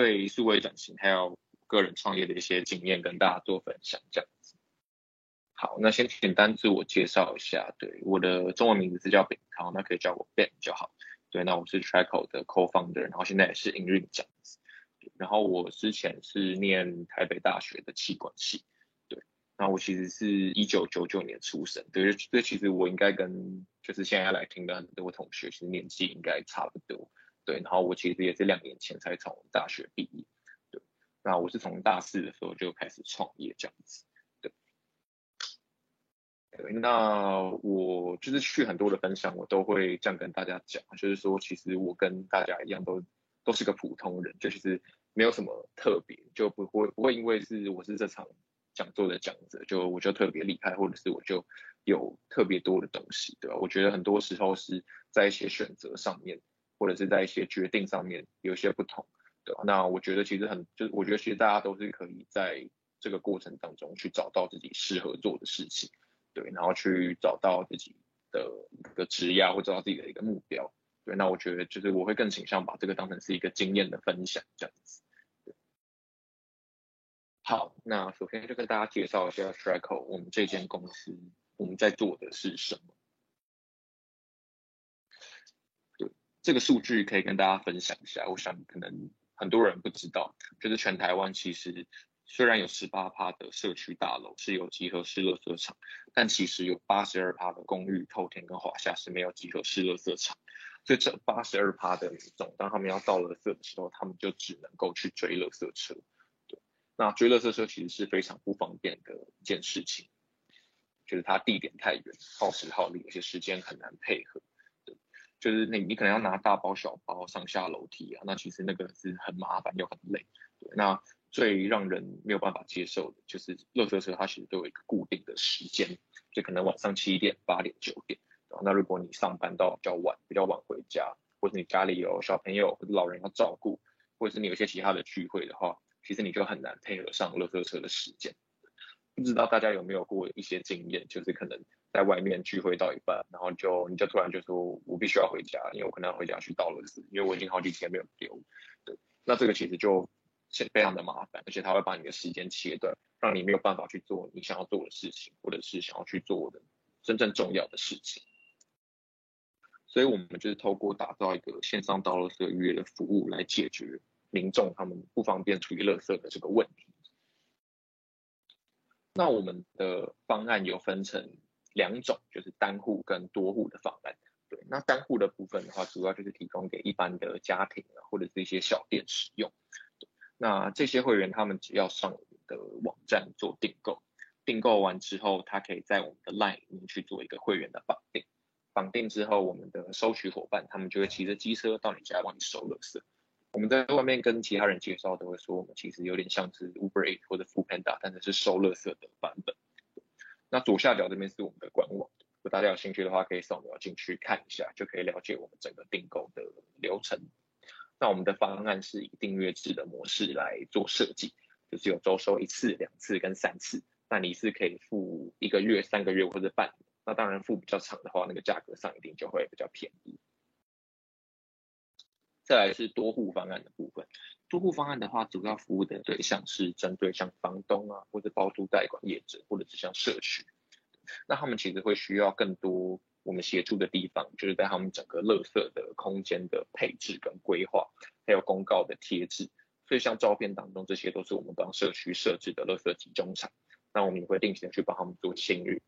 對數位轉型還有個人創業的一些經驗，跟大家做分享，這樣子。好，那先簡單自我介紹一下，對，我的中文名字是叫稟韜，那可以叫我 Ben 就好。對，那我是 Tracle 的 Co-founder，然後現在也是營運這樣子。然後我之前是念台北大學的企管系。對，那我其實是一九九九年出生，對，這其實我應該跟就是現在來聽的很多同學，其實年紀應該差不多。對，然後我其實也是兩年前才從大學畢業。對，那我是從大四的時候就開始創業這樣子。對，對，那我就是去很多的分享，我都會這樣跟大家講，就是說，其實我跟大家一樣都，都都是個普通人，就其實沒有什麼特別，就不會不會因為是我是這場講座的講者，就我就特別厲害，或者是我就有特別多的東西，對吧？我覺得很多時候是在一些選擇上面。或者是在一些決定上面有些不同，對。那我覺得其實很，就是我覺得其實大家都是可以在這個過程當中去找到自己適合做的事情，對，然後去找到自己的一個職業或者找到自己的一個目標，對。那我覺得就是我會更傾向把這個當成是一個經驗的分享這樣子，好，那首先就跟大家介紹一下 Tracle，我們這間公司我們在做的是什麼。這個數據可以跟大家分享一下，我想可能很多人不知道，就是全台灣其實雖然有十八趴的社區大樓是有集合式垃圾場，但其實有八十二趴的公寓、透天跟華廈是沒有集合式垃圾場，所以這八十二趴的民眾當他們要倒垃圾的時候，他們就只能夠去追垃圾車，對，那追垃圾車其實是非常不方便的一件事情，就是它地點太遠，耗時耗力，有些時間很難配合。就是你，你可能要拿大包小包上下樓梯啊，那其實那個是很麻煩又很累。對，那最讓人沒有辦法接受的就是垃圾車，它其實都有一個固定的時間，就可能晚上七點、八點、九點。那如果你上班到比較晚，比較晚回家，或是你家裡有小朋友、或者老人要照顧，或者是你有些其他的聚會的話，其實你就很難配合上垃圾車的時間。不知道大家有沒有過一些經驗，就是可能。在外面聚會到一半，然後就你就突然就說我必須要回家，因為我可能要回家去倒垃圾，因為我已經好幾天沒有丟。對，那這個其實就非常的麻煩，而且它會把你的時間切斷，讓你沒有辦法去做你想要做的事情，或者是想要去做的真正重要的事情。所以，我們就是透過打造一個線上倒垃圾預約的服務來解決民眾他們不方便出去倒垃圾的這個問題。那我們的方案有分成。兩種就是單戶跟多戶的方案。對，那單戶的部分的話，主要就是提供給一般的家庭、啊、或者是一些小店使用。那這些會員他們只要上我們的網站做訂購，訂購完之後，他可以在我們的 LINE 裡面去做一個會員的綁定。綁定之後，我們的收取夥伴他們就會騎着機車到你家幫你收垃圾。我們在外面跟其他人介紹都會說，我們其實有點像是 Uber Eats 或者 Food Panda，但是是收垃圾的版本。那左下角這邊是我們的官網，如果大家有興趣的話，可以掃描進去看一下，就可以了解我們整個訂購的流程。那我們的方案是以訂閱制的模式來做設計，就是有周收一次、兩次跟三次。那你是可以付一個月、三個月或者半年，那當然付比較長的話，那個價格上一定就會比較便宜。再來是多戶方案的部分。租戶方案的話，主要服務的對象是針對像房東啊，或者包租代管業者，或者是像社區，那他們其實會需要更多我們協助的地方，就是在他們整個垃圾的空間的配置跟規劃，還有公告的貼紙。所以像照片當中，這些都是我們幫社區設置的垃圾集中場。那我們也會定期的去幫他們做清運。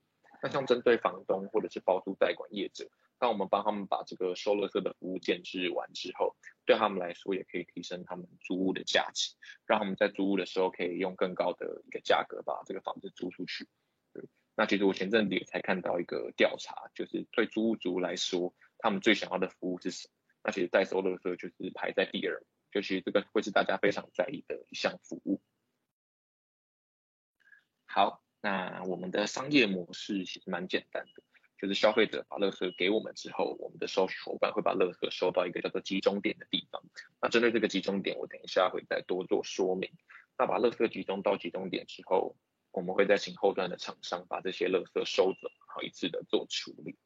那像針對房東或者是包租代管業者，那我們幫他們把這個收垃圾的服務建置完之後。對他們來說，也可以提升他們租屋的價值，讓他們在租屋的時候可以用更高的一個價格把這個房子租出去。對，那其實我前陣子也才看到一個調查，就是對租屋族來說，他們最想要的服務是什麼？那其實代收的時候就是排在第二，就其實這個會是大家非常在意的一項服務。好，那我們的商業模式其實蠻簡單的。就是消費者把垃圾給我們之後，我們的收集夥伴會把垃圾收到一個叫做集中點的地方。那針對這個集中點，我等一下會再多做說明。那把垃圾集中到集中點之後，我們會再請後端的廠商把這些垃圾收走，好一次的做處理。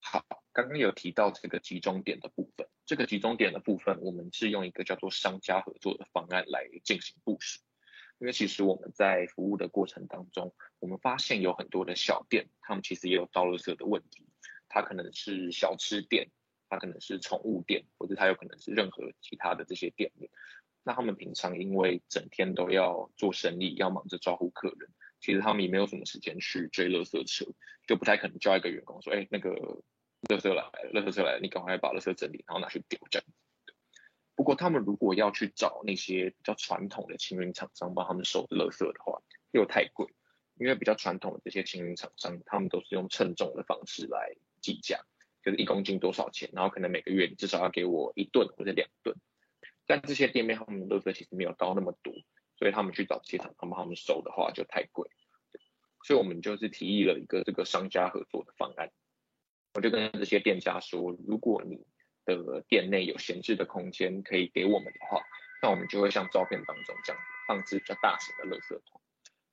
好，剛剛有提到這個集中點的部分，這個集中點的部分，我們是用一個叫做商家合作的方案來進行部署。因為其實我們在服務的過程當中，我們發現有很多的小店，他們其實也有倒垃圾的問題。他可能是小吃店，他可能是寵物店，或者他有可能是任何其他的這些店面。那他們平常因為整天都要做生意，要忙着招呼客人，其實他們也沒有什麼時間去追垃圾車，就不太可能叫一個員工說：“哎、欸，那個垃圾來了，垃圾車來了，你趕快把垃圾整理，然後拿去丟站。”不過他們如果要去找那些比較傳統的清運廠商幫他們收垃圾的話，又太貴，因為比較傳統的這些清運廠商，他們都是用稱重的方式來計價，就是一公斤多少錢，然後可能每個月你至少要給我一噸或者兩噸。但這些店面他們的垃圾其實沒有到那麼多，所以他們去找這些廠商幫他們收的話就太貴，所以我們就是提議了一個這個商家合作的方案，我就跟這些店家說，如果你。個店內有閒置的空間可以給我們的話，那我們就會像照片當中這樣子放置比較大型的垃圾桶，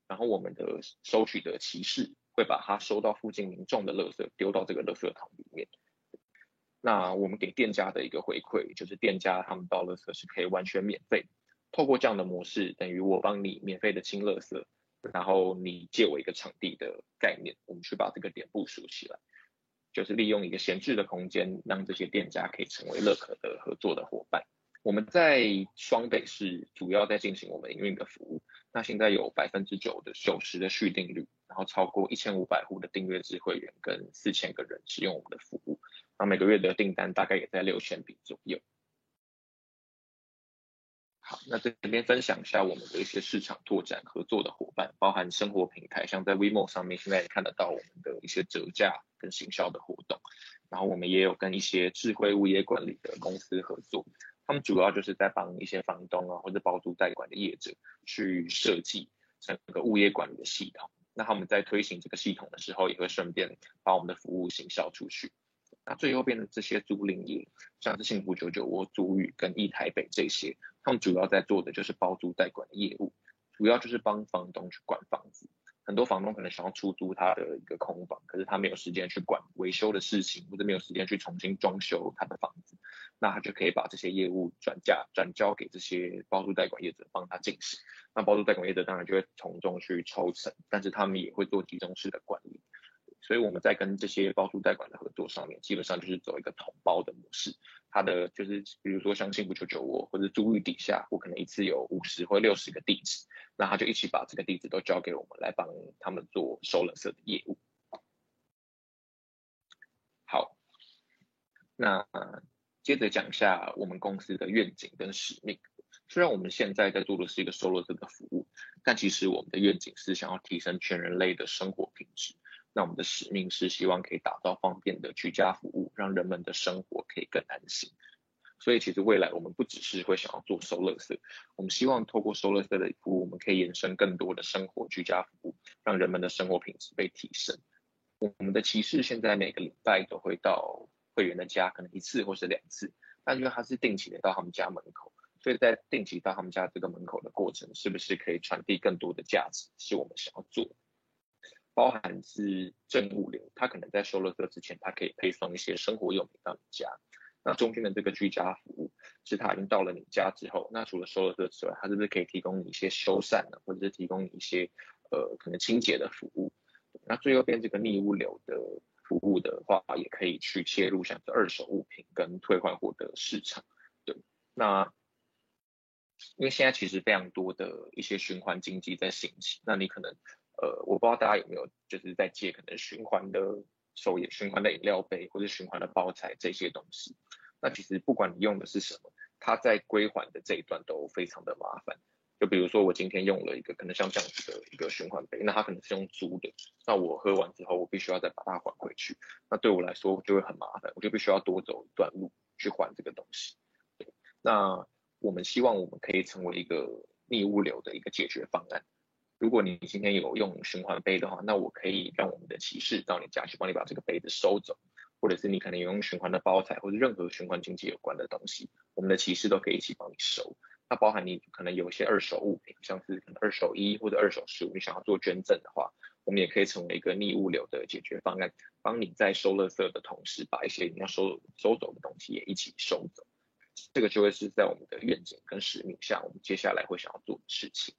然後我們的收取的騎士會把它收到附近民眾的垃圾丟到這個垃圾桶裡面。那我們給店家的一個回饋就是店家他們倒垃圾是可以完全免費。透過這樣的模式，等於我幫你免費的清垃圾，然後你借我一個場地的概念，我們去把這個點部署起來。就是利用一個閒置的空間，讓這些店家可以成為垃可的合作的伙伴。我們在雙北市主要在進行我們營運的服務，那現在有百分之九的九十的續訂率，然後超過一千五百戶的訂閱制會員跟四千個人使用我們的服務，那每個月的訂單大概也在六千筆左右。好，那這邊分享一下我們的一些市場拓展合作的夥伴，包含生活平台，像在 WeMo 上面，現在也看得到我們的一些折價跟行銷的活動。然後我們也有跟一些智慧物業管理的公司合作，他們主要就是在幫一些房東啊，或者包租代管的業者去設計整個物業管理的系統。是那他們在推行這個系統的時候，也會順便把我們的服務行銷出去。那最右邊的這些租賃業，像是幸福久久窩、租宇跟易台北這些。他們主要在做的就是包租代管的業務，主要就是幫房東去管房子。很多房東可能想要出租他的一個空房，可是他沒有時間去管維修的事情，或者沒有時間去重新裝修他的房子，那他就可以把這些業務轉嫁、轉交給這些包租代管業者幫他進行。那包租代管業者當然就會從中去抽成，但是他們也會做集中式的管理。所以我們在跟這些包租代管的合作上面，基本上就是走一個統包的模式。他的就是，比如說像幸福久久窩或者租賃底下，我可能一次有五十或六十個地址，那他就一起把這個地址都交給我們來幫他們做收垃圾的業務。好，那接着講一下我們公司的願景跟使命。雖然我們現在在做的是一個收垃圾的服務，但其實我們的願景是想要提升全人類的生活品質。那我們的使命是希望可以打造方便的居家服務，讓人們的生活可以更安心。所以其實未來我們不只是會想要做收垃圾，我們希望透過收垃圾的服務，我們可以延伸更多的生活居家服務，讓人們的生活品質被提升。我們的騎士現在每個禮拜都會到會員的家，可能一次或是兩次，但因為他是定期的到他們家門口，所以在定期到他們家這個門口的過程，是不是可以傳遞更多的價值，是我們想要做包含是正物流，它可能在收垃圾之前，它可以配送一些生活用品到你家。那中間的這個居家服務，是它已經到了你家之後，那除了收垃圾之外，它是不是可以提供你一些修繕或者是提供你一些呃，可能清潔的服務？那最右邊這個逆物流的服務的話，也可以去切入，像是二手物品跟退換貨的市場。對，那因為現在其實非常多的一些循環經濟在興起，那你可能。呃，我不知道大家有沒有就是在借可能循環的手也，飲循環的飲料杯或者循環的包材這些東西。那其實不管你用的是什麼，它在歸還的這一段都非常的麻煩。就比如說我今天用了一個可能像這樣子的一個循環杯，那它可能是用租的，那我喝完之後我必須要再把它還回去。那對我來說就會很麻煩，我就必須要多走一段路去還這個東西。對，那我們希望我們可以成為一個逆物流的一個解決方案。如果你今天有用循環杯的話，那我可以讓我們的騎士到你家去幫你把這個杯子收走，或者是你可能有用循環的包材或者是任何循環經濟有關的東西，我們的騎士都可以一起幫你收。那包含你可能有一些二手物品，像是可能二手衣或者二手食物，你想要做捐贈的話，我們也可以成為一個逆物流的解決方案，幫你在收垃圾的同時，把一些你要收收走的東西也一起收走。這個就會是在我們的願景跟使命下，我們接下來會想要做的事情。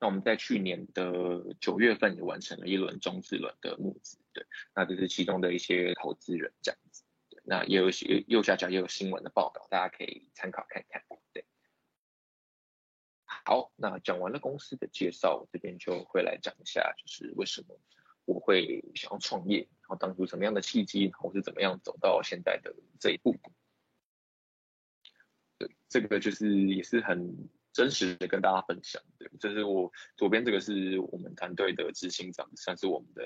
那我們在去年的九月份也完成了一輪種子輪的募資，對，那這是其中的一些投資人這樣子，那也有些右下角也有新聞的報道大家可以參考看看，對。好，那講完了公司的介紹，我這邊就會來講一下，就是為什麼我會想要創業，然後當初什麼樣的契機，然後是怎麼樣走到現在的這一步。對，這個就是也是很。真實的跟大家分享，對，這、就是我左邊這個是我們團隊的執行長，算是我們的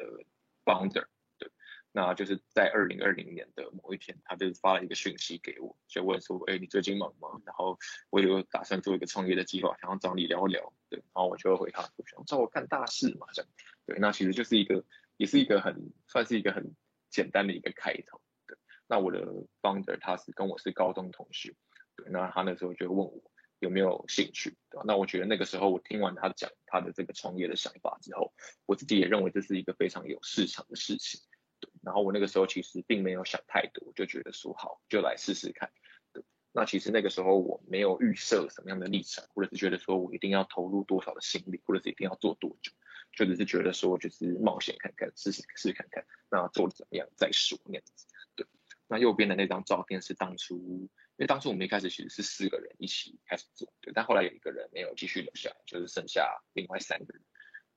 founder，對，那就是在二零二零年的某一天，他就發了一個訊息給我，就問說，哎、欸，你最近忙嗎？然後我有打算做一個創業的計劃，想要找你聊聊，對，然後我就會回他，我想找我幹大事嘛，這樣，對，那其實就是一個，也是一個很，算是一個很簡單的一個開頭，對，那我的 founder 他是跟我是高中同學，對，那他那時候就問我。有沒有興趣？對吧？那我覺得那個時候，我聽完他講他的這個創業的想法之後，我自己也認為這是一個非常有市場的事情。對，然後我那個時候其實並沒有想太多，我就覺得說好就來試試看。對，那其實那個時候我沒有預設什麼樣的立場，或者是覺得說我一定要投入多少的心力，或者是一定要做多久，就只是覺得說就是冒險看看，試試試看看，那做的怎麼樣再說。那樣子對，那右邊的那張照片是當初。因為當初我們一開始其實是四個人一起開始做，對，但後來有一個人沒有繼續留下來，就是剩下另外三個人，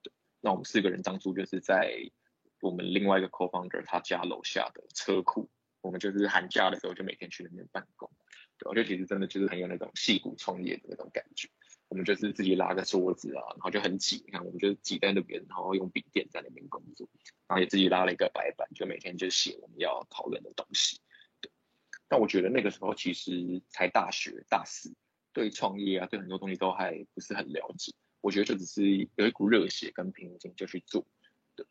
對。那我們四個人當初就是在我們另外一個 co-founder 他家樓下的車庫，我們就是寒假的時候就每天去那邊辦公，對，我覺得其實真的就是很有那種矽谷創業的那種感覺，我們就是自己拉個桌子啊，然後就很擠，你看我們就擠在那邊，然後用筆電在那邊工作，然後也自己拉了一個白板，就每天就寫我們要討論的東西。但我覺得那個時候其實才大學大四，對創業啊，對很多東西都還不是很了解。我覺得就只是有一股熱血跟拼勁就去做。對，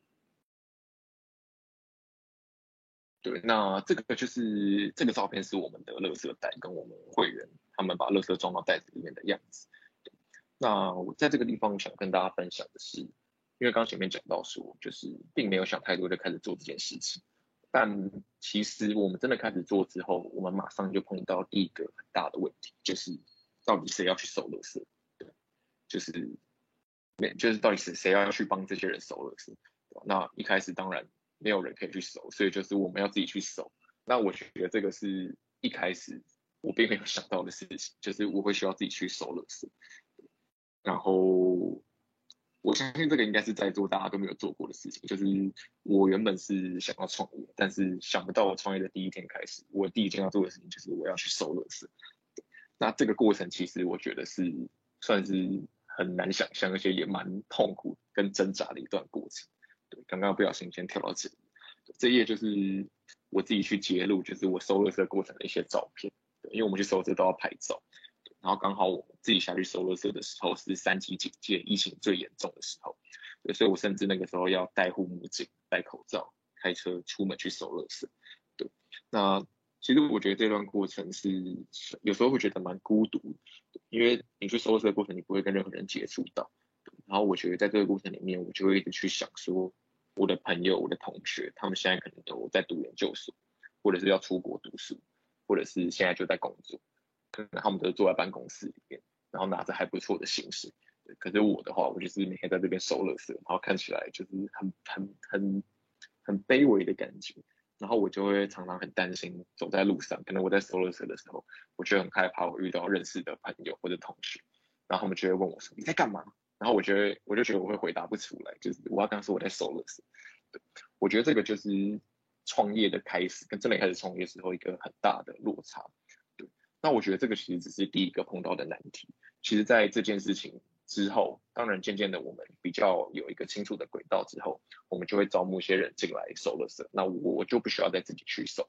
對，那這個就是這個照片是我們的垃圾袋跟我們會員他們把垃圾裝到袋子裡面的樣子。那我在這個地方想跟大家分享的是，因為剛剛前面講到說，就是並沒有想太多就開始做這件事情。但其實我們真的開始做之後，我們馬上就碰到第一個很大的問題，就是到底誰要去收垃圾？對，就是，沒就是到底是誰要去幫這些人收垃圾？那一開始當然沒有人可以去收，所以就是我們要自己去收。那我覺得這個是一開始我並沒有想到的事情，就是我會需要自己去收垃圾，然後。我相信這個應該是在座大家都沒有做過的事情。就是我原本是想要創業，但是想不到我創業的第一天開始，我第一件要做的事情就是我要去收垃圾。對，那這個過程其實我覺得是算是很難想象，而且也蠻痛苦跟掙扎的一段過程。對，剛剛不小心先跳到這裡，這一頁就是我自己去揭露，就是我收垃圾過程的一些照片。對，因為我們去收垃圾都要拍照。然後剛好我自己下去收垃圾的時候是三級警戒，疫情最嚴重的時候，對，所以我甚至那個時候要戴護目鏡、戴口罩、開車出門去收垃圾。對，那其實我覺得這段過程是有時候會覺得蠻孤獨，因為你去收垃圾的過程你不會跟任何人接觸到。然後我覺得在這個過程裡面，我就會一直去想說，我的朋友、我的同學，他們現在可能都在讀研究所，或者是要出國讀書，或者是現在就在工作。可能他們都坐在辦公室裡面，然後拿着還不錯的形式。對，可是我的話，我就是每天在這邊收垃圾，然後看起來就是很很很很卑微的感覺。然後我就會常常很擔心，走在路上，可能我在收垃圾的時候，我就很害怕，我遇到認識的朋友或者同事，然後他們就會問我說：“你在幹嘛？”然後我覺得，我就覺得我會回答不出來，就是我要跟他說我在收垃圾。對，我覺得這個就是創業的開始，跟真的開始創業之後一個很大的落差。那我覺得這個其實只是第一個碰到的難題。其實，在這件事情之後，當然漸漸的我們比較有一個清楚的軌道之後，我們就會招募一些人進來收了身。那我就不需要再自己去收，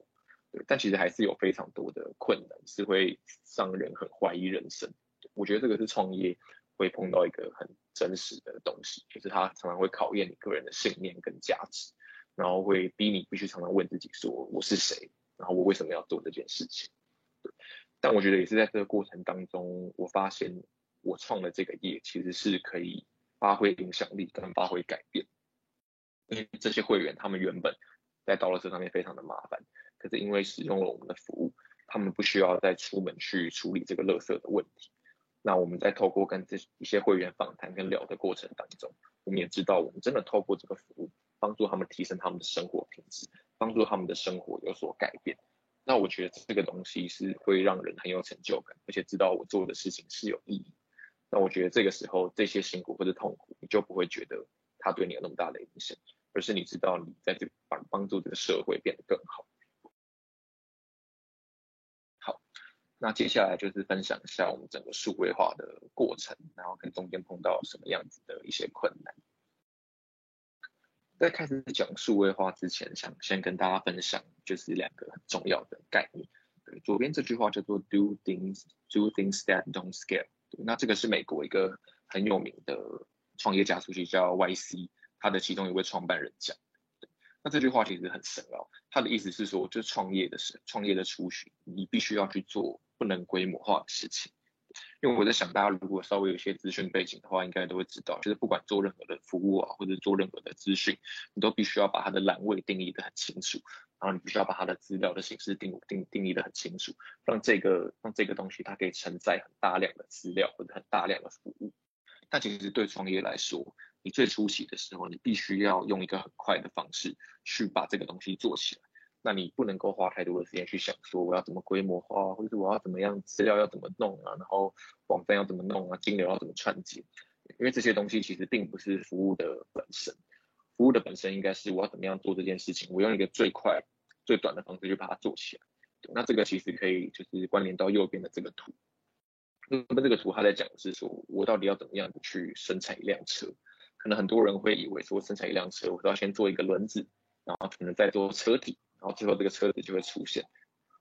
對，但其實還是有非常多的困難，是會讓人很懷疑人生。我覺得這個是創業會碰到一個很真實的東西，就是它常常會考驗你個人的信念跟價值，然後會逼你必須常常問自己說：我是誰？然後我為什麼要做這件事情？但我覺得也是在這個過程當中，我發現我創的這個業其實是可以發揮影響力跟發揮改變。因為這些會員他們原本在倒垃圾上面非常的麻煩，可是因為使用了我們的服務，他們不需要再出門去處理這個垃圾的問題。那我們在透過跟這一些會員訪談跟聊的過程當中，我們也知道我們真的透過這個服務幫助他們提升他們的生活品質，幫助他們的生活有所改變。那我覺得這個東西是會讓人很有成就感，而且知道我做的事情是有意義。那我覺得這個時候，這些辛苦或者痛苦你就不會覺得它對你有那麼大的影響，而是你知道你在這幫幫助這個社會變得更好。好，那接下來就是分享一下我們整個數位化的過程，然後跟中間碰到什麼樣子的一些困難。在開始講數位化之前，想先跟大家分享，就是兩個很重要的概念。對，左邊這句話叫做 Do things, do things that don't scale。那這個是美國一個很有名的創業加速器叫 YC，他的其中一位創辦人講，那這句話其實很深奧，他的意思是說，就創業的時，創業的初期，你必須要去做不能規模化的事情。因為我在想，大家如果稍微有一些資訊背景的話，應該都會知道，就是不管做任何的服務啊，或者做任何的資訊，你都必須要把它的欄位定義得很清楚，然後你必須要把它的資料的形式定定定義得很清楚，讓這個讓這個東西它可以承載很大量的資料或者很大量的服務。但其實對創業來說，你最初期的時候，你必須要用一個很快的方式去把這個東西做起來。那你不能夠花太多的時間去想說，我要怎麼規模化，或者是我要怎麼樣資料要怎麼弄啊，然後網站要怎麼弄啊，金流要怎麼串接，因為這些東西其實並不是服務的本身，服務的本身應該是我要怎麼樣做這件事情，我用一個最快最短的方式去把它做起來。那這個其實可以就是關聯到右邊的這個圖，那麼這個圖它在講的是說，我到底要怎麼樣去生產一輛車？可能很多人會以為說，生產一輛車，我都要先做一個輪子，然後可能再做車體。然後最後這個車子就會出現，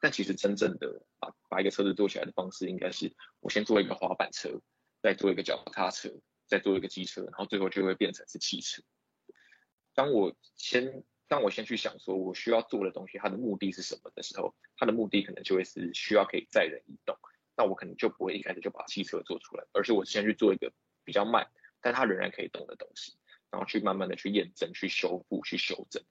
但其實真正的把把一個車子做起來的方式，應該是我先做一個滑板車，再做一個腳踏車，再做一個機車，然後最後就會變成是汽車。當我先當我先去想說我需要做的東西，它的目的是什麼的時候，它的目的可能就會是需要可以載人移動，那我可能就不會一開始就把汽車做出來，而是我先去做一個比較慢，但它仍然可以動的東西，然後去慢慢的去驗證、去修復、去修正。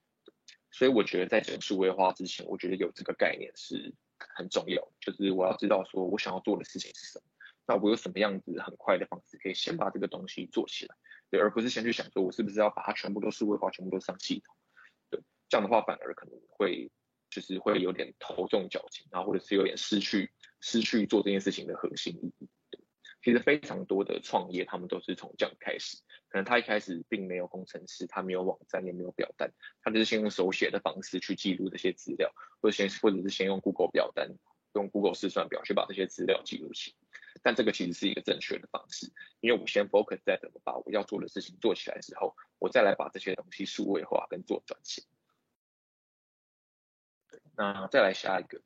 所以我覺得在整個數位化之前，我覺得有這個概念是很重要。就是我要知道說我想要做的事情是什麼，那我有什麼樣子很快的方式可以先把這個東西做起來，對，而不是先去想說我是不是要把它全部都數位化，全部都上系統，對，這樣的話反而可能會就是會有點頭重腳輕，然後或者是有點失去失去做這件事情的核心意義。其實非常多的創業，他們都是從這樣開始。可能他一開始並沒有工程師，他沒有網站，也沒有表單，他只是先用手寫的方式去記錄這些資料，或者先，或者是先用 Google 表單，用 Google 試算表，去把這些資料記錄起。但這個其實是一個正確的方式，因為我先 focus 在怎麼把我要做的事情做起來之後，我再來把這些東西數位化跟做轉型。那再來下一個，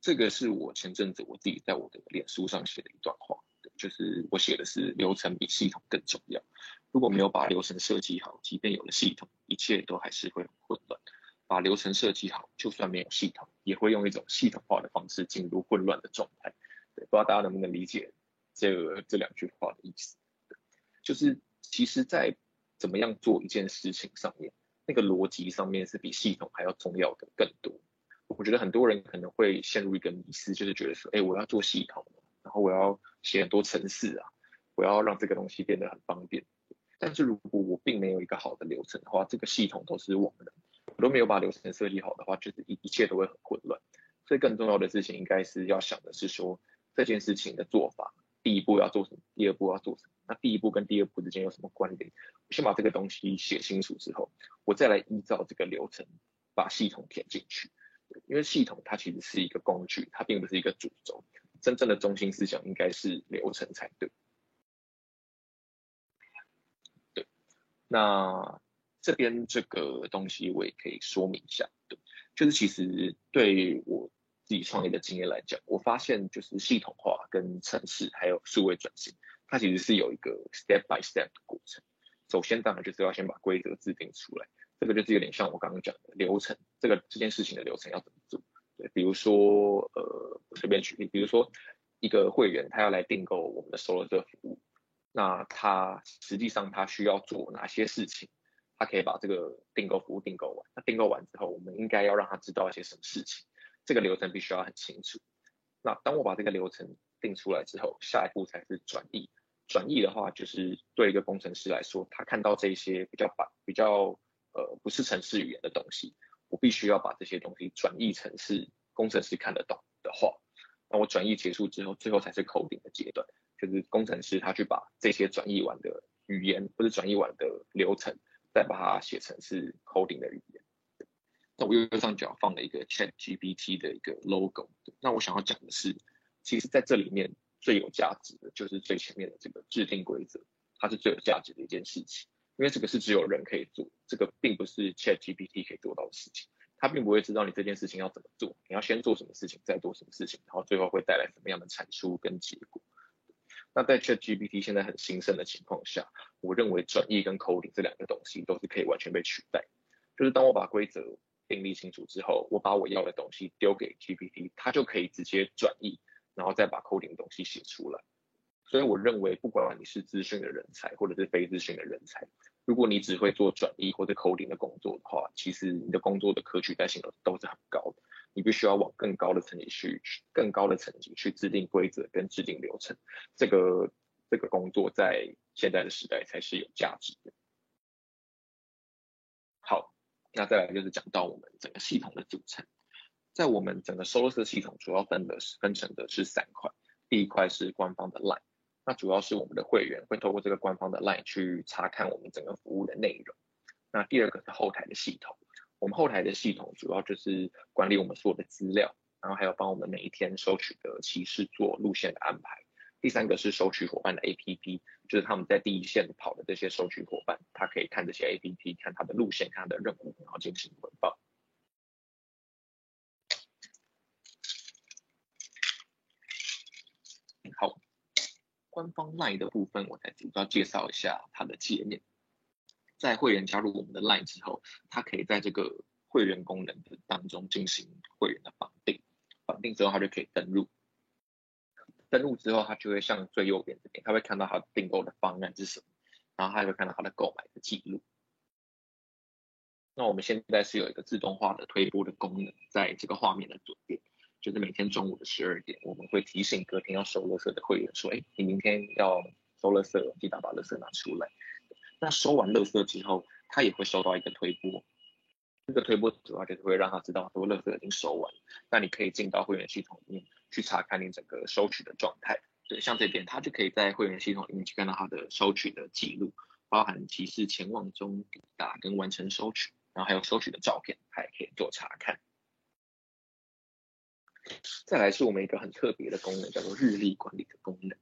這個是我前陣子我自己在我的臉書上寫的一段話。就是我寫的是流程比系統更重要。如果沒有把流程設計好，即便有了系統，一切都還是會很混亂。把流程設計好，就算沒有系統，也會用一種系統化的方式進入混亂的狀態。對，不知道大家能不能理解這這兩句話的意思？就是其實，在怎麼樣做一件事情上面，那個邏輯上面是比系統還要重要的更多。我覺得很多人可能會陷入一個迷思，就是覺得說，哎，我要做系統。然後我要寫很多程式啊，我要讓這個東西變得很方便。但是如果我並沒有一個好的流程的話，這個系統都是枉然。我都沒有把流程設計好的話，就是一，一切都會很混亂。所以更重要的事情，應該是要想的是說這件事情的做法，第一步要做什麼，第二步要做什麼。那第一步跟第二步之間有什麼關聯？我先把這個東西寫清楚之後，我再來依照這個流程把系統填進去。因為系統它其實是一個工具，它並不是一個主軸。真正的中心思想應該是流程才對。對，那這邊這個東西我也可以說明一下，對，就是其實對我自己創業的經驗來講，我發現就是系統化，跟程式，還有數位轉型，它其實是有一個 step by step 的過程。首先，當然就是要先把規則制定出來，這個就是有點像我剛剛講的流程，這個這件事情的流程要怎麼？對，比如說，呃，隨便舉例，比如說一個會員他要來訂購我們的收入這個服務，那他實際上他需要做哪些事情？他可以把這個訂購服務訂購完。那訂購完之後，我們應該要讓他知道一些什麼事情？這個流程必須要很清楚。那當我把這個流程定出來之後，下一步才是轉譯。轉譯的話，就是對一個工程師來說，他看到這些比較板、比較呃不是程式語言的東西。我必須要把這些東西轉譯成是工程師看得懂的話，那我轉譯結束之後，最後才是 coding 的階段，就是工程師他去把這些轉譯完的語言，或者轉譯完的流程，再把它寫成是 coding 的語言。那我右上角放了一個 ChatGPT 的一個 logo。那我想要講的是，其實在這裡面最有價值的就是最前面的這個制定規則，它是最有價值的一件事情。因為這個是只有人可以做，這個並不是 Chat GPT 可以做到的事情。他並不會知道你這件事情要怎麼做，你要先做什麼事情，再做什麼事情，然後最後會帶來什麼樣的產出跟結果。那在 Chat GPT 現在很興盛的情況下，我認為轉譯跟 coding 這兩個東西都是可以完全被取代。就是當我把規則訂立清楚之後，我把我要的東西丟給 GPT，它就可以直接轉譯，然後再把 coding 的東西寫出來。所以我認為，不管你是資訊的人才，或者是非資訊的人才，如果你只會做轉譯或者 coding 的工作的話，其實你的工作的可取代性都是很高的，你必須要往更高的層級去，更高的層級去制定規則跟制定流程，這個這個工作在現在的時代才是有價值的。好，那再來就是講到我們整個系統的組成，在我們整個 Soros 系統主要分的是分成的是三塊，第一塊是官方的 Line。那主要是我們的會員會透過這個官方的 LINE 去查看我們整個服務的內容。那第二個是後台的系統，我們後台的系統主要就是管理我們所有的資料，然後還有幫我們每一天收取的騎士做路線的安排。第三個是收取夥伴的 APP，就是他們在第一線跑的這些收取夥伴，他可以看這些 APP，看他的路線，看他的任務，然後進行回報。官方 LINE 的部分，我再主要介紹一下它的界面。在會員加入我們的 line 之後，他可以在這個會員功能的當中進行會員的綁定。綁定之後，他就可以登錄。登錄之後，他就會向最右邊這邊，他會看到他訂購的方案是什麼，然後他還會看到他的購買的記錄。那我們現在是有一個自動化的推播的功能，在這個畫面的左邊，就是每天中午的十二點，我們會提醒隔天要收垃圾的會員說：“哎，你明天要收垃圾，記得把垃圾拿出來。”那收完垃圾之後，他也會收到一個推播。這個推播主要就是會讓他知道說垃圾已經收完。那你可以進到會員系統裡面去查看你整個收取的狀態。對，像這邊他就可以在會員系統裡面去看到他的收取的記錄，包含提示、前往中、抵達跟完成收取，然後還有收取的照片，他也可以做查看。再來是我們一個很特別的功能，叫做日曆管理的功能。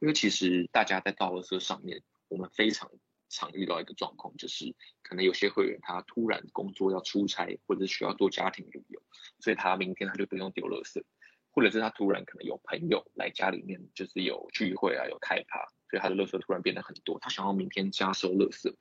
因為其實大家在倒垃圾上面，我們非常常遇到一個狀況，就是可能有些會員他突然工作要出差，或者是需要做家庭旅遊，所以他明天他就不用丟垃圾，或者是他突然可能有朋友來家裡面，就是有聚會啊，有開趴，所以他的垃圾突然變得很多，他想要明天加收垃圾。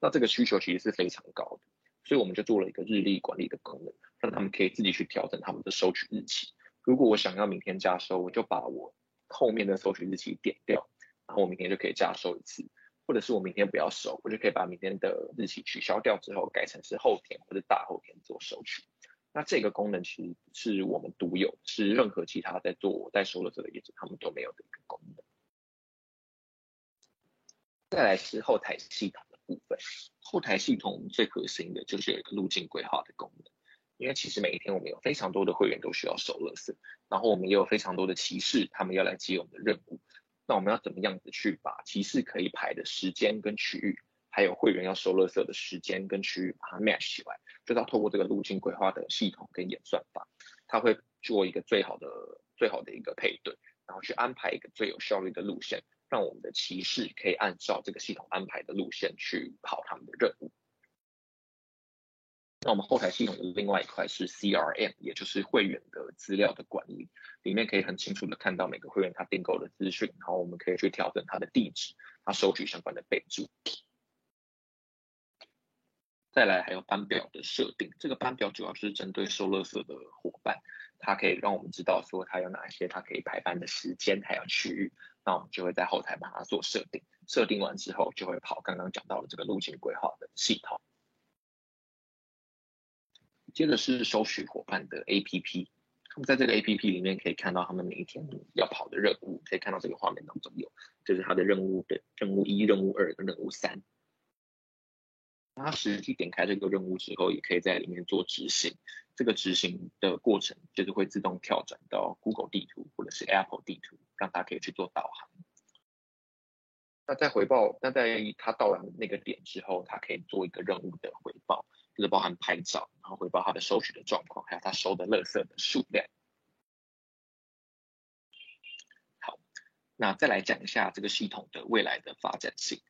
那這個需求其實是非常高的，所以我們就做了一個日曆管理的功能。讓他們可以自己去調整他們的收取日期。如果我想要明天加收，我就把我後面的收取日期點掉，然後我明天就可以加收一次；或者是我明天不要收，我就可以把明天的日期取消掉，之後改成是後天或者大後天做收取。那這個功能其實是我們獨有，是任何其他在做代收的這個業主他們都沒有的一個功能。再來是後台系統的部分，後台系統最核心的就是有一個路徑規劃的功能。因為其實每一天我們有非常多的會員都需要收垃圾，然後我們也有非常多的騎士，他們要來接我們的任務。那我們要怎麼樣子去把騎士可以排的時間跟區域，還有會員要收垃圾的時間跟區域，把它 match 起來，就是要透過這個路徑規劃的系統跟演算法，它會做一個最好的、最好的一個配對，然後去安排一個最有效率的路線，讓我們的騎士可以按照這個系統安排的路線去跑他們的任務。那我們後台系統的另外一塊是 CRM，也就是會員的資料的管理，裡面可以很清楚的看到每個會員他訂購的資訊，然後我們可以去調整他的地址，他收取相關的備註。再來還有班表的設定，這個班表主要是針對收垃圾的夥伴，它可以讓我們知道說他有哪些他可以排班的時間還有區域，那我們就會在後台把它做設定，設定完之後就會跑剛剛講到的這個路徑規劃的系統。接着是收取夥伴的 APP，他們在這個 APP 裡面可以看到他們每一天要跑的任務，可以看到這個畫面當中有，就是他的任務的，任務一、任務二跟任務三。他實際點開這個任務之後，也可以在裡面做執行。這個執行的過程就是會自動跳轉到 Google 地圖或者是 Apple 地圖，讓他可以去做導航。那在回報，那在他到了那個點之後，他可以做一個任務的回報。是包含拍照，然後回報它的收取的狀況，還有它收的垃圾的數量。好，那再來講一下這個系統的未來的發展性。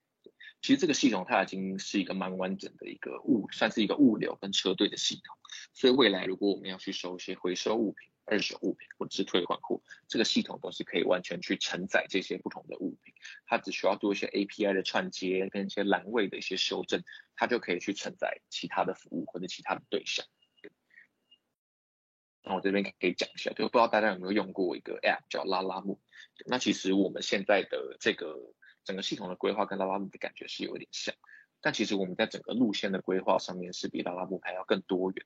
其實這個系統它已經是一個蠻完整的一個物，算是一個物流跟車隊的系統。所以未來如果我們要去收一些回收物品。二手物品或者是退換貨，這個系統都是可以完全去承載這些不同的物品，它只需要做一些 API 的串接跟一些欄位的一些修正，它就可以去承載其他的服務或者其他的對象。那我這邊可以講一下，就不知道大家有沒有用過一個 App 叫 Lalamove。那其實我們現在的這個整個系統的規劃跟 Lalamove 的感覺是有一點像，但其實我們在整個路線的規劃上面是比 Lalamove 還要更多元。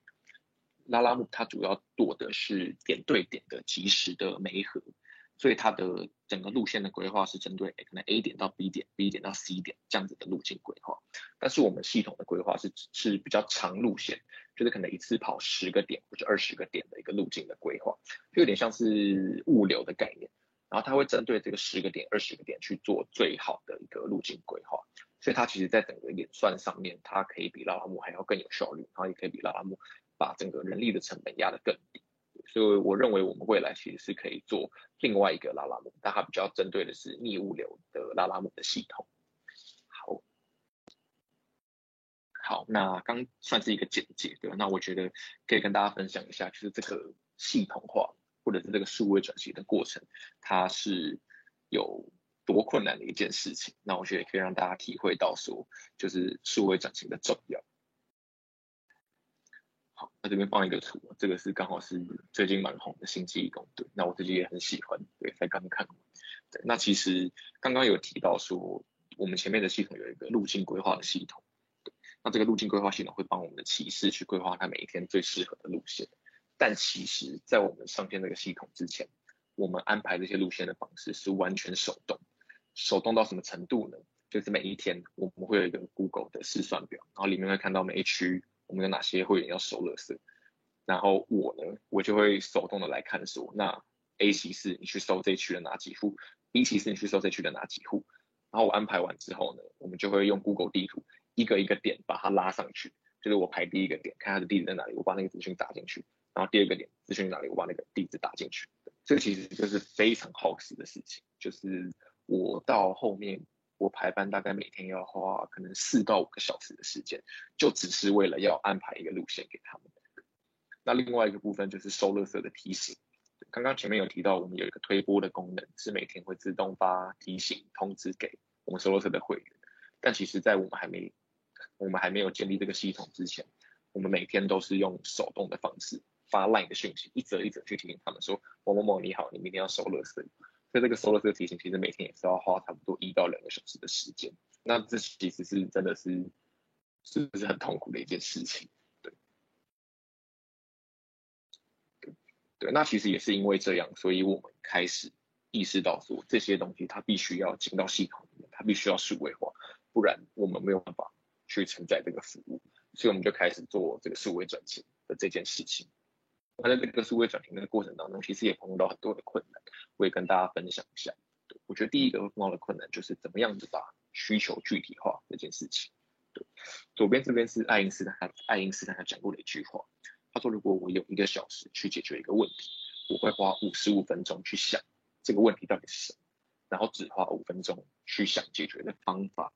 拉拉木它主要做的是點對點的即時的媒合，所以它的整個路線的規劃是針對可能 A 點到 B 點、B 點到 C 點這樣子的路徑規劃。但是我們系統的規劃是是比較長路線，就是可能一次跑十個點或者二十個點的一個路徑的規劃，就有點像是物流的概念。然後它會針對這個十個點、二十個點去做最好的一個路徑規劃，所以它其實，在整個演算上面，它可以比拉拉木還要更有效率，然後也可以比拉拉木。把整個人力的成本壓得更低，所以我認為我們未來其實是可以做另外一個拉拉姆，但它比較針對的是逆物流的拉拉姆的系統。好，好，那剛算是一個簡介，對，那我覺得可以跟大家分享一下，就是這個系統化或者是這個數位轉型的過程，它是有多困難的一件事情，那我覺得也可以讓大家體會到說，就是數位轉型的重要。在這邊放一個圖，這個是剛好是最近蠻紅的《星期一公》，對，那我自己也很喜歡，對，才剛看。對，那其實剛剛有提到說，我們前面的系統有一個路徑規劃的系統，對，那這個路徑規劃系統會幫我們的騎士去規劃他每一天最適合的路線。但其實，在我們上線這個系統之前，我們安排這些路線的方式是完全手動，手動到什麼程度呢？就是每一天我們會有一個 Google 的試算表，然後裡面會看到每一區。我們有哪些會員要收垃圾？然後我呢，我就會手動的來看說。那 A 騎士，你去收這區的哪幾戶？B 騎士，你去收這區的哪幾戶？然後我安排完之後呢，我們就會用 Google 地圖一個一個點把它拉上去。就是我排第一個點，看它的地址在哪裡，我把那個資訊打進去。然後第二個點，資訊在哪裡，我把那個地址打進去。這其實就是非常耗時的事情，就是我到後面。我排班，大概每天要花可能四到五個小時的時間，就只是為了要安排一個路線給他們。那另外一個部分就是收垃圾的提醒。剛剛前面有提到，我們有一個推播的功能，是每天會自動發提醒通知給我們收垃圾的會員。但其實，在我們還沒我們還沒有建立這個系統之前，我們每天都是用手動的方式發 Line 的訊息，一則一則去提醒他們說，某某某你好，你明天要收垃圾。在這個收了這個提醒，其實每天也是要花差不多一到兩個小時的時間。那這其實是真的是是不是很痛苦的一件事情？對對，對，那其實也是因為這樣，所以我們開始意識到說這些東西它必須要進到系統裡面，它必須要數位化，不然我們沒有辦法去承載這個服務。所以我們就開始做這個數位轉型的這件事情。他在這個數位轉型的過程當中，其實也碰到很多的困難，我也跟大家分享一下。我覺得第一個會碰到的困難就是怎麼樣子把需求具體化這件事情。對，左邊這邊是愛因斯坦還，愛愛因斯坦他講過的一句話，他說如果我有一個小時去解決一個問題，我會花五十五分鐘去想這個問題到底是什麼，然後只花五分鐘去想解決的方法。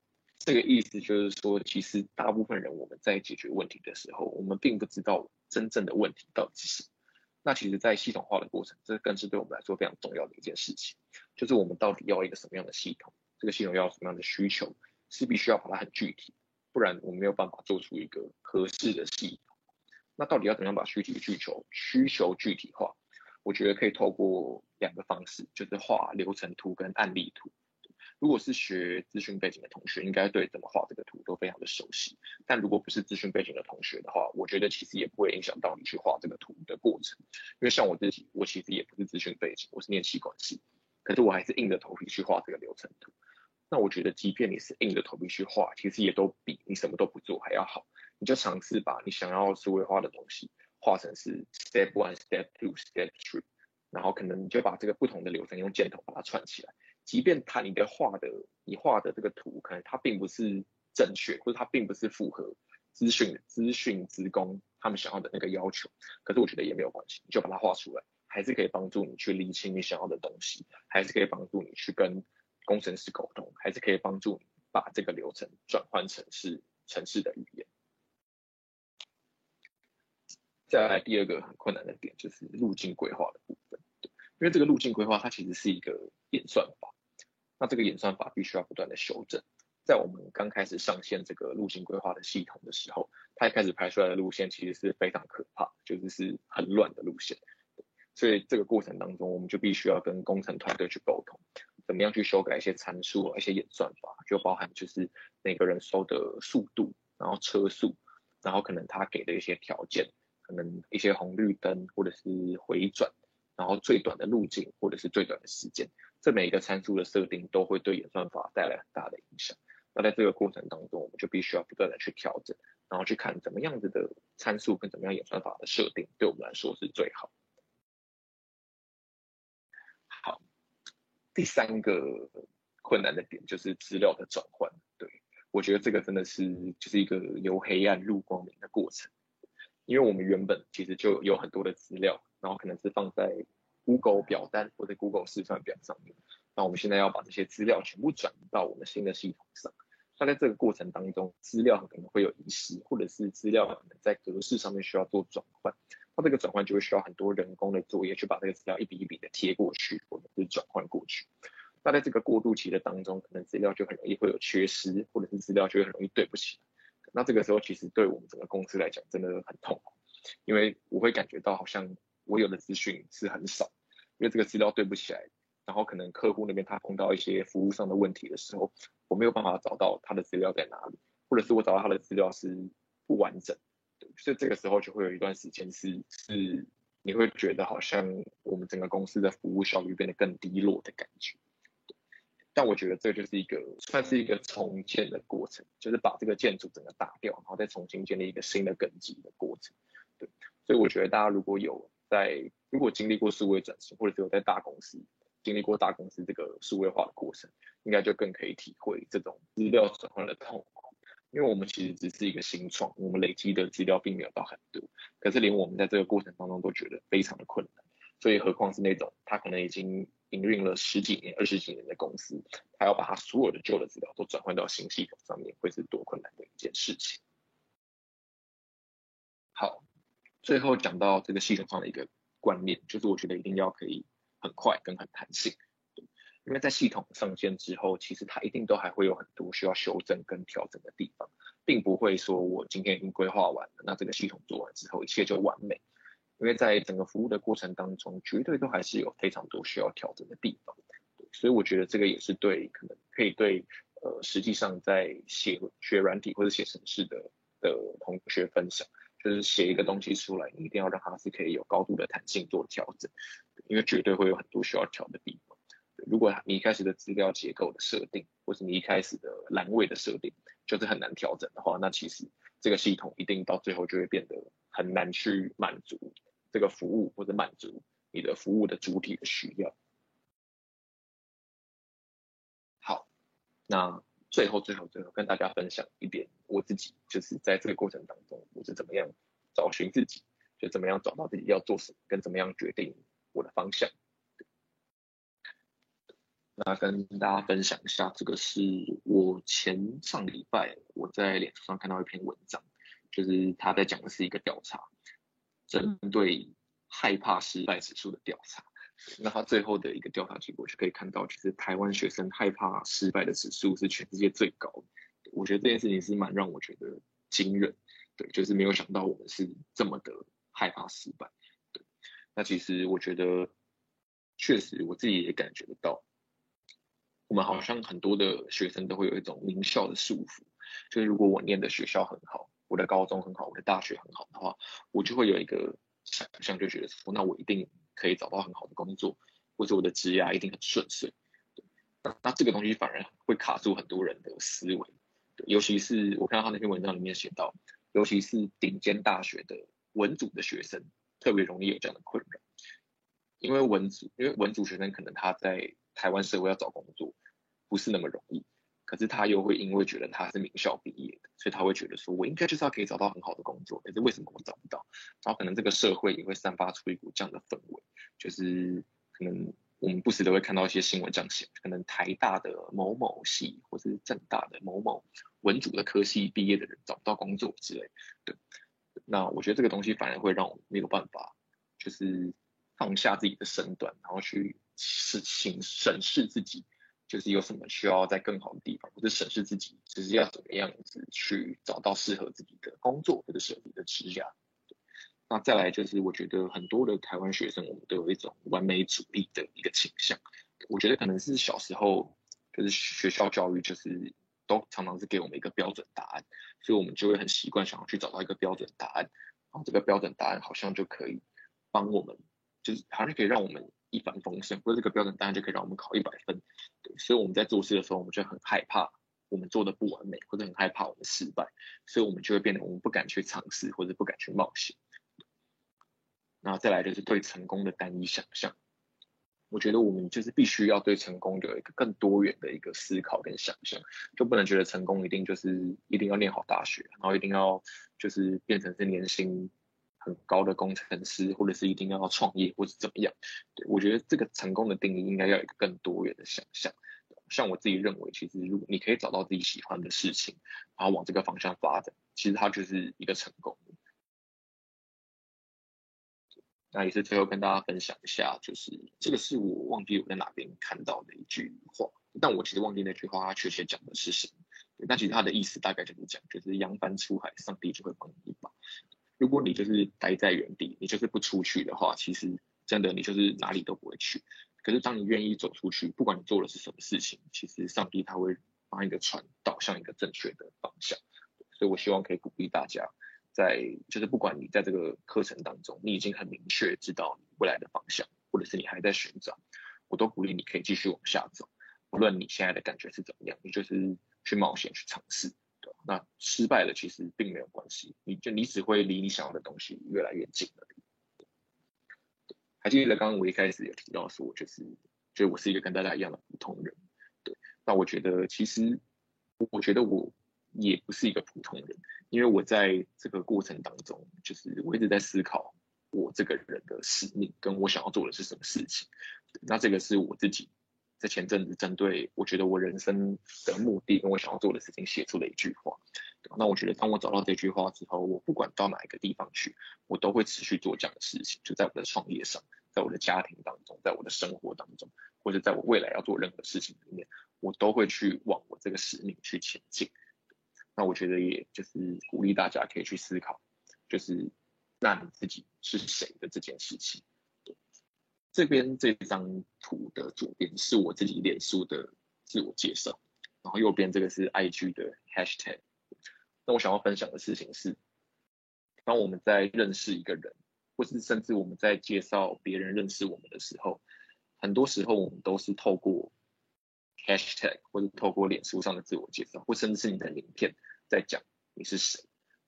這個意思就是說，其實大部分人我們在解決問題的時候，我們並不知道真正的問題到底是。那其實，在系統化的過程，這更是對我們來說非常重要的一件事情，就是我們到底要一個什麼樣的系統，這個系統要什麼樣的需求，是必須要把它很具體，不然我們沒有辦法做出一個合適的系統。那到底要怎麼樣把需求、需求、需求具體化？我覺得可以透過兩個方式，就是畫流程圖跟案例圖。如果是學資訊背景的同學，應該對怎麼畫這個圖都非常的熟悉。但如果不是資訊背景的同學的話，我覺得其實也不會影響到你去畫這個圖的過程。因為像我自己，我其實也不是資訊背景，我是念企管系，可是我還是硬着頭皮去畫這個流程圖。那我覺得即便你是硬着頭皮去畫，其實也都比你什麼都不做還要好。你就嘗試把你想要數位化的東西畫成是 step one, step two, step three，然後可能你就把這個不同的流程用箭頭把它串起來。即便他你的畫的，你畫的這個圖，可能它並不是正確，或者它並不是符合資訊資訊職工他們想要的那個要求，可是我覺得也沒有關係，你就把它畫出來，還是可以幫助你去釐清你想要的東西，還是可以幫助你去跟工程師溝通，還是可以幫助你把這個流程轉換成是程式的語言。再來第二個很困難的點就是路徑規劃的部分，對，因為這個路徑規劃它其實是一個演算法。那這個演算法必須要不斷的修正，在我們剛開始上線這個路徑規劃的系統的時候，它一開始排出來的路線其實是非常可怕，就是是很亂的路線。所以這個過程當中，我們就必須要跟工程團隊去溝通，怎麼樣去修改一些參數，一些演算法就包含就是每個人收的速度，然後車速，然後可能他給的一些條件，可能一些紅綠燈或者是回轉，然後最短的路徑或者是最短的時間。這每一個參數的設定都會對演算法帶來很大的影響。那在這個過程當中，我們就必須要不斷地去調整，然後去看怎麼樣子的參數跟怎麼樣演算法的設定對我們來說是最好。好，第三個困難的點就是資料的轉換。對，我覺得這個真的是就是一個由黑暗入光明的過程，因為我們原本其實就有很多的資料，然後可能是放在，Google 表單或者 Google 試算表上面，那我們現在要把這些資料全部轉移到我們新的系統上。那在這個過程當中，資料可能會有遺失，或者是資料可能在格式上面需要做轉換。那這個轉換就會需要很多人工的作業去把這個資料一筆一筆的貼過去或者是轉換過去。那在這個過渡期的當中，可能資料就很容易會有缺失，或者是資料就會很容易對不起。那這個時候其實對我們整個公司來講真的很痛苦，因為我會感覺到好像我有的資訊是很少。因為這個資料對不起來，然後可能客戶那邊他碰到一些服務上的問題的時候，我沒有辦法找到他的資料在哪裡，或者是我找到他的資料是不完整，對，所以這個時候就會有一段時間是是你會覺得好像我們整個公司的服務效率變得更低落的感覺，對，但我覺得這就是一個算是一個重建的過程，就是把這個建築整個打掉，然後再重新建立一個新的根基的過程，對。所以我覺得大家如果有。在如果經歷過數位轉型，或者只有在大公司經歷過大公司這個數位化的過程，應該就更可以體會這種資料轉換的痛苦。因為我們其實只是一個新創，我們累積的資料並沒有到很多，可是連我們在這個過程當中都覺得非常的困難，所以何況是那種他可能已經營運了十幾年、二十幾年的公司，他要把他所有的舊的資料都轉換到新系統上面，會是多困難的一件事情。好。最後講到這個系統上的一個觀念，就是我覺得一定要可以很快跟很彈性，因為在系統上線之後，其實它一定都還會有很多需要修正跟調整的地方，並不會說我今天已經規劃完了，那這個系統做完之後一切就完美，因為在整個服務的過程當中，絕對都還是有非常多需要調整的地方，所以我覺得這個也是對可能可以對呃實際上在寫寫軟體或者寫程式的的同學分享。就是寫一個東西出來，你一定要讓它是可以有高度的彈性做調整，因為絕對會有很多需要調的地方。如果你一開始的資料結構的設定，或是你一開始的欄位的設定，就是很難調整的話，那其實這個系統一定到最後就會變得很難去滿足這個服務，或者滿足你的服務的主體的需要。好，那。最後，最後，最後跟大家分享一點，我自己就是在這個過程當中，我是怎麼樣找尋自己，就怎麼樣找到自己要做什麼，跟怎麼樣決定我的方向。那跟大家分享一下，這個是我前上禮拜我在臉書上看到一篇文章，就是他在講的是一個調查，針對害怕失敗指數的調查。那他最後的一個調查結果就可以看到，其實台灣學生害怕失敗的指數是全世界最高。我覺得這件事情是蠻讓我覺得驚人，對，就是沒有想到我們是這麼的害怕失敗。對，那其實我覺得，確實我自己也感覺得到，我們好像很多的學生都會有一種名校的束縛，就是如果我念的學校很好，我的高中很好，我的大學很好的話，我就會有一個想象就覺得說，那我一定，可以找到很好的工作，或者我的職業一定很順遂。那這個東西反而會卡住很多人的思維。尤其是我看到他那篇文章裡面寫到，尤其是頂尖大學的文組的學生，特別容易有這樣的困擾，因為文組，因為文組學生可能他在台灣社會要找工作不是那麼容易。可是他又會因為覺得他是名校畢業的，所以他會覺得說：“我應該就是要可以找到很好的工作，可是為什麼我找不到？”然後可能這個社會也會散發出一股這樣的氛圍，就是可能我們不時的會看到一些新聞這樣寫，可能台大的某某系或是政大的某某文組的科系畢業的人找不到工作之類。對，那我覺得這個東西反而會讓我沒有辦法，就是放下自己的身段，然後去試行審視自己。就是有什麼需要在更好的地方，或者審視自己，只、就是要怎麼樣子去找到適合自己的工作或者適合自己的職涯。那再來就是，我覺得很多的台灣學生，我們都有一種完美主義的一個傾向。我覺得可能是小時候就是學校教育就是都常常是給我們一個標準答案，所以我們就會很習慣想要去找到一個標準答案，然後這個標準答案好像就可以幫我們，就是好像可以讓我們。一帆風順，或者這個標準當然就可以讓我們考一百分，所以我們在做事的時候，我們就很害怕我們做得不完美，或者很害怕我們失敗，所以我們就會變得我們不敢去嘗試，或者不敢去冒險。那再來就是對成功的單一想象，我覺得我們就是必須要對成功有一個更多元的一個思考跟想象，就不能覺得成功一定就是一定要念好大學，然後一定要就是變成是年薪，很高的工程師，或者是一定要創業，或是怎麼樣？對，我覺得這個成功的定義應該要有一個更多元的想象。像我自己認為，其實如果你可以找到自己喜歡的事情，然後往這個方向發展，其實它就是一個成功。那也是最後跟大家分享一下，就是這個是我忘記我在哪邊看到的一句話，但我其實忘記那句話它確切講的是什麼。那其實它的意思大概就是講，就是揚帆出海，上帝就會幫你一把。如果你就是待在原地，你就是不出去的話，其實真的你就是哪裡都不會去。可是當你願意走出去，不管你做的是什麼事情，其實上帝他會把你的船導向一個正確的方向。所以我希望可以鼓勵大家在，在就是不管你在這個課程當中，你已經很明確知道你未來的方向，或者是你還在尋找，我都鼓勵你可以繼續往下走，無論你現在的感覺是怎麼樣，你就是去冒險去嘗試。那失敗了，其實並沒有關係，你就你只會離你想要的東西越來越近了。還記得剛剛我一開始有提到說，就是，就我是一個跟大家一樣的普通人，對。那我覺得，其實我我覺得我也不是一個普通人，因為我在這個過程當中，就是我一直在思考我這個人的使命，跟我想要做的是什麼事情。那這個是我自己。在前陣子，針對我覺得我人生的目的跟我想要做的事情，寫出了一句話。那我覺得，當我找到這句話之後，我不管到哪一個地方去，我都會持續做這樣的事情。就在我的創業上，在我的家庭當中，在我的生活當中，或者在我未來要做任何事情裡面，我都會去往我這個使命去前進。那我覺得，也就是鼓勵大家可以去思考，就是那你自己是誰的這件事情。這邊這張圖的左邊是我自己臉書的自我介紹，然後右邊這個是 IG 的 hashtag。那我想要分享的事情是，當我們在認識一個人，或是甚至我們在介紹別人認識我們的時候，很多時候我們都是透過 hashtag，或者透過臉書上的自我介紹，或甚至是你的名片，在講你是誰。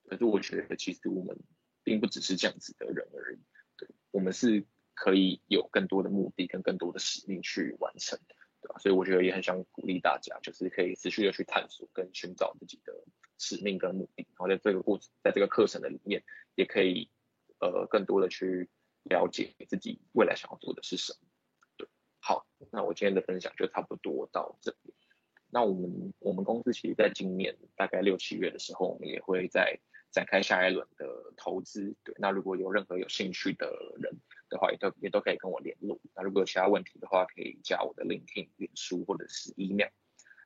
可是我覺得其實我們並不只是這樣子的人而已，對，我們是。可以有更多的目的跟更多的使命去完成，對吧？所以我覺得也很想鼓勵大家，就是可以持續的去探索跟尋找自己的使命跟目的，然後在這個過程，在這個課程裡面，也可以呃更多的去了解自己未來想要做的是什麼。對，好，那我今天的分享就差不多到這裡。那我們我們公司其實在今年大概六七月的時候，我們也會在展開下一輪的投資。對，那如果有任何有興趣的人，的話也都也都可以跟我聯絡。那如果有其他問題的話，可以加我的 l i n k i n 臉書或者是 email。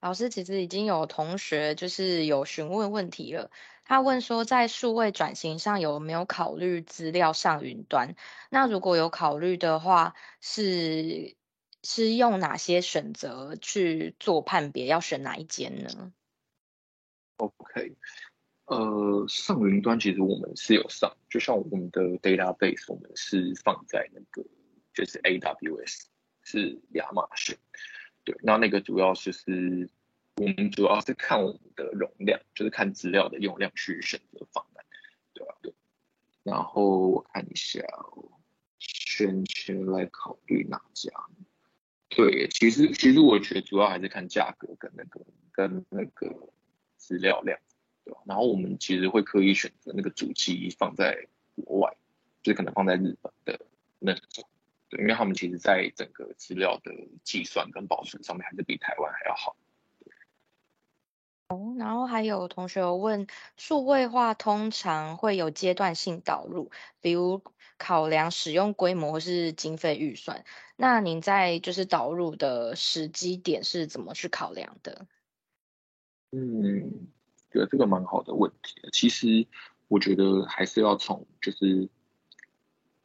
老師，其實已經有同學就是有詢問問題了，他問說在數位轉型上有沒有考慮資料上雲端？那如果有考慮的話，是是用哪些選擇去做判別？要選哪一間呢？OK。呃，上雲端其實我們是有上，就像我們的 database，我們是放在那個就是 AWS，是亞馬遜。對，那那個主要就是我們主要是看我們的容量，就是看資料的用量去選擇方案。對吧、啊？對。然後我看一下，全權來考慮哪家。對，其實其實我覺得主要還是看價格跟那個跟那個資料量。對，然後我們其實會刻意選擇那個主機放在國外，就是可能放在日本的那種，對，因為他們其實在整個資料的計算跟保存上面還是比台灣還要好。哦，然後還有同學問，數位化通常會有階段性導入，比如考量使用規模或是經費預算，那您在就是導入的時機點是怎麼去考量的？嗯。得這個蠻好的問題的。其實我覺得還是要從就是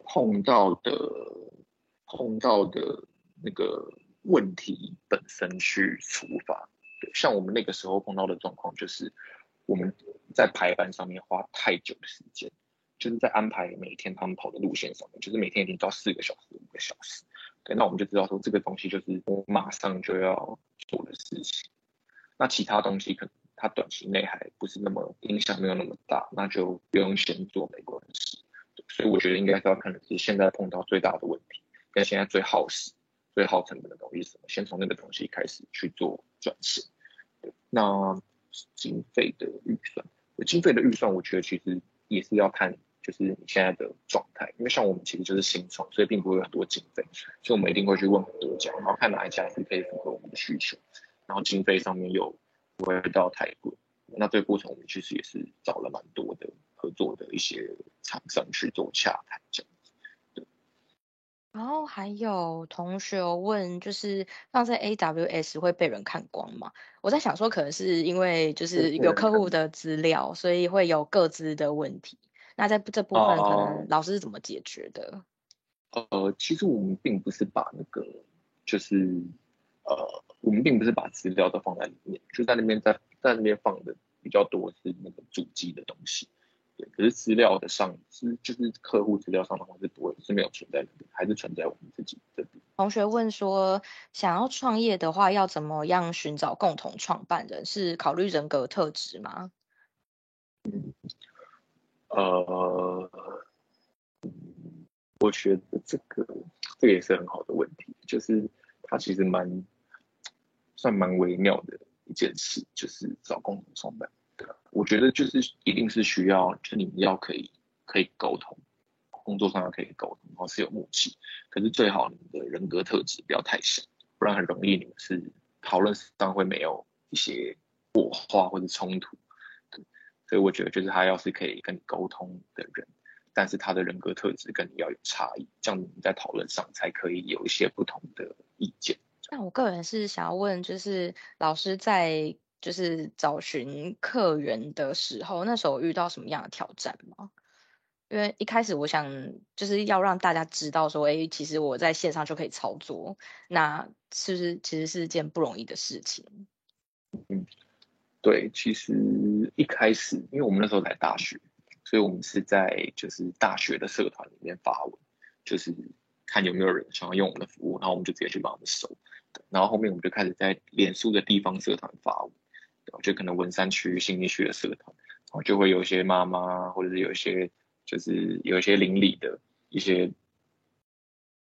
碰到的碰到的那個問題本身去出發。像我們那個時候碰到的狀況，就是我們在排班上面花太久的時間，就是在安排每天他們跑的路線上面，就是每天已經到四個小時、五個小時。對，那我們就知道說這個東西就是我馬上就要做的事情。那其他東西可能。它短期內還不是那麼影響沒有那麼大，那就不用先做沒關係。所以我覺得應該是要看的是現在碰到最大的問題跟現在最耗時、最耗成本的東西是什麼，先從那個東西開始去做轉型。對，那經費的預算，經費的預算，我覺得其實也是要看就是你現在的狀態，因為像我們其實就是新創，所以並不會有很多經費，所以我們一定會去問很多家，然後看哪一家是可以符合我們的需求，然後經費上面又。回到台規，那這個過程我們其實也是找了蠻多的合作的一些廠商去做洽談這樣子。對。然後、哦、還有同學問，就是放在 AWS 會被人看光嗎？我在想說，可能是因為就是有客戶的資料，嗯、所以會有個資的問題。那在這部分，可能老師是怎麼解決的呃？呃，其實我們並不是把那個，就是呃。我們並不是把資料都放在裡面，就在那邊在，在在那邊放的比較多是那個主機的東西，對，可是資料的上，資就是客戶資料上的話，是多是沒有存在裡面，還是存在我們自己的這邊。同學問說，想要創業的話，要怎麼樣尋找共同創辦人？是考慮人格的特質嗎？嗯，呃，我覺得這個這個也是很好的問題，就是它其實蠻。算蠻微妙的一件事，就是找共同創辦人。對，我覺得就是一定是需要，就是、你們要可以可以溝通，工作上要可以溝通，然後是有默契。可是最好你們的人格特質不要太像，不然很容易你們是討論上會沒有一些火花或者衝突對。所以我覺得就是他要是可以跟你溝通的人，但是他的人格特質跟你要有差異，這樣你在討論上才可以有一些不同的意見。那我個人是想要問，就是老師在就是找尋客源的時候，那時候遇到什麼樣的挑戰嗎？因為一開始我想就是要讓大家知道說，哎、欸，其實我在線上就可以操作，那是不是其實是一件不容易的事情？嗯，對，其實一開始因為我們那時候來大學，所以我們是在就是大學的社團裡面發文，就是看有沒有人想要用我們的服務，然後我們就直接去幫他們收。然後後面我們就開始在臉書的地方社團發，就可能文山區、新北區的社團，然後就會有一些媽媽，或者是有一些就是有一些鄰里的一些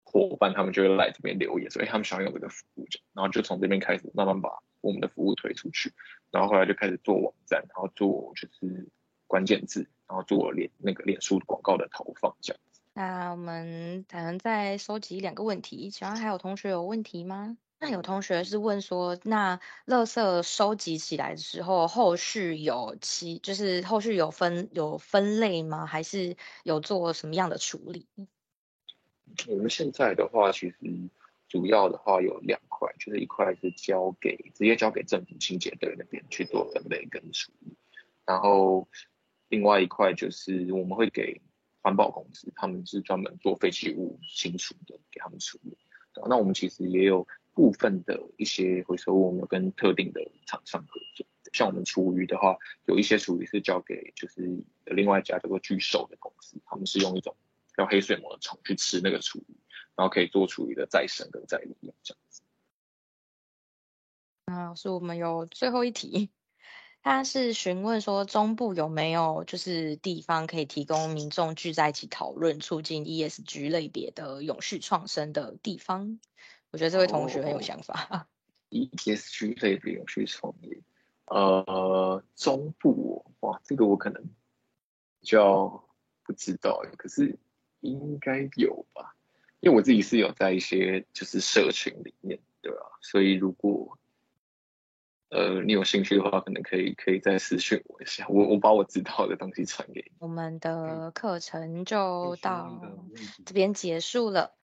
伙伴，他們就會來這邊留言，所、哎、以他們想要有一個服務這樣，然後就從這邊開始慢慢把我們的服務推出去，然後後來就開始做網站，然後做就是關鍵字，然後做臉那個臉書廣告的投放這樣子。那我們才能再收集兩個問題，請問還有同學有問題嗎？那有同學是問說，那垃圾收集起來的時候，後續有其就是後續有分有分類嗎？還是有做什麼樣的處理？嗯，我們現在的話，其實主要的話有兩塊，就是一塊是交給直接交給政府清潔隊那邊去做分類跟處理，然後另外一塊就是我們會給環保公司，他們是專門做廢棄物清除的，給他們處理。那我們其實也有。部分的一些回收，我們跟特定的廠商合作。像我們廚餘的話，有一些廚餘是交給就是另外一家叫做巨獸的公司，他們是用一種叫黑水虻的蟲去吃那個廚餘，然後可以做廚餘的再生跟再利用這樣子。那、嗯、老師，我們有最後一題，他是詢問說，中部有沒有就是地方可以提供民眾聚在一起討論促進 ESG 類別的永續創生的地方？我覺得這位同學很有想法。ESG 類也不用去創業，呃，中部哇，這個我可能比較不知道，可是應該有吧？因為我自己是有在一些就是社群裡面，對啊，所以如果呃你有興趣的話，可能可以可以再私訊我一下，我我把我知道的東西傳給你。我們的課程就到這邊結束了。